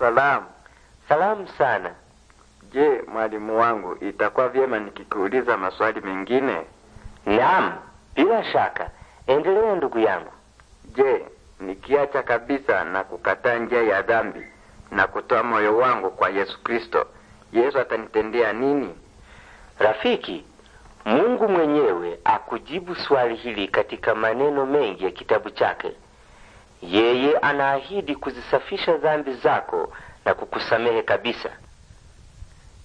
Salamu. Salamu sana. Je, mwalimu wangu, itakuwa vyema nikikuuliza maswali mengine? Naam, bila shaka. Endelea ndugu yangu. Je, nikiacha kabisa na kukataa njia ya dhambi na kutoa moyo wangu kwa Yesu Kristo, Yesu atanitendea nini? Rafiki, Mungu mwenyewe akujibu swali hili katika maneno mengi ya kitabu chake. Yeye anaahidi kuzisafisha dhambi zako na kukusamehe kabisa,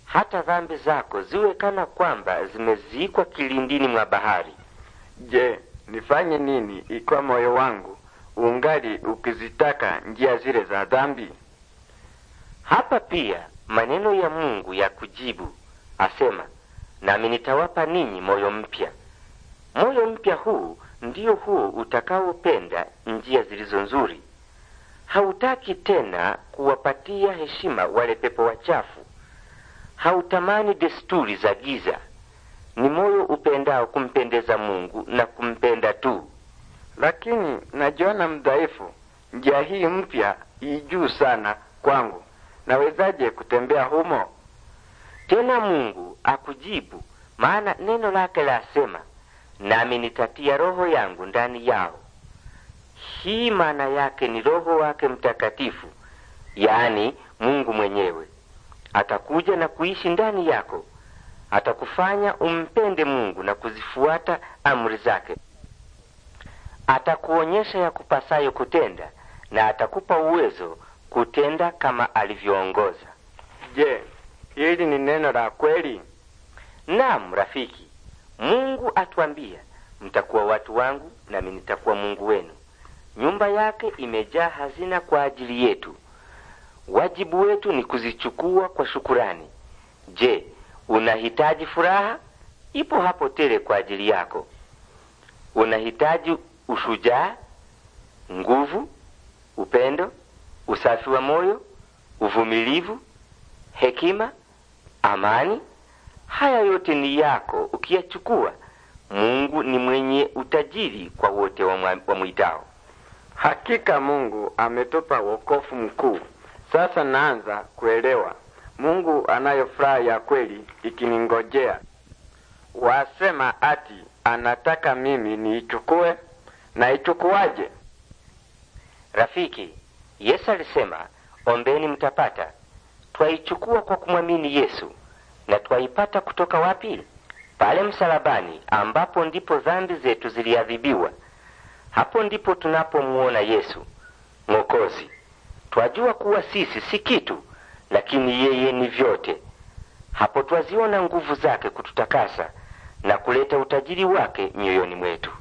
hata dhambi zako ziwe kana kwamba zimezikwa kilindini mwa bahari. Je, nifanye nini ikiwa moyo wangu ungali ukizitaka njia zile za dhambi? Hapa pia maneno ya Mungu ya kujibu asema, nami nitawapa ninyi moyo mpya. Moyo mpya huu ndio huo utakaopenda njia zilizo nzuri. Hautaki tena kuwapatia heshima wale pepo wachafu, hautamani desturi za giza. Ni moyo upendao kumpendeza Mungu na kumpenda tu. Lakini najiona mdhaifu, njia hii mpya ijuu sana kwangu, nawezaje kutembea humo? Tena Mungu akujibu, maana neno lake lasema nami nitatia roho yangu ndani yao. Hii maana yake ni Roho wake Mtakatifu, yaani Mungu mwenyewe atakuja na kuishi ndani yako, atakufanya umpende Mungu na kuzifuata amri zake. Atakuonyesha ya kupasayo kutenda na atakupa uwezo kutenda kama alivyoongoza. Je, hili ni neno la kweli? Naam, rafiki. Mungu atwambia, mtakuwa watu wangu nami nitakuwa Mungu wenu. Nyumba yake imejaa hazina kwa ajili yetu. Wajibu wetu ni kuzichukua kwa shukurani. Je, unahitaji furaha? Ipo hapo tele kwa ajili yako. Unahitaji ushujaa, nguvu, upendo, usafi wa moyo, uvumilivu, hekima, amani. Haya yote ni yako ukiyachukua. Mungu ni mwenye utajiri kwa wote wamwitao. Hakika Mungu ametupa wokovu mkuu. Sasa naanza kuelewa Mungu anayo furaha ya kweli ikiningojea. Wasema ati anataka mimi niichukue, naichukuaje? Rafiki, Yesu alisema ombeni mtapata. Twaichukua kwa kumwamini Yesu na twaipata kutoka wapi? Pale msalabani, ambapo ndipo dhambi zetu ziliadhibiwa. Hapo ndipo tunapomuona Yesu Mwokozi. Twajua kuwa sisi si kitu, lakini yeye ni vyote. Hapo twaziona nguvu zake kututakasa na kuleta utajiri wake mioyoni mwetu.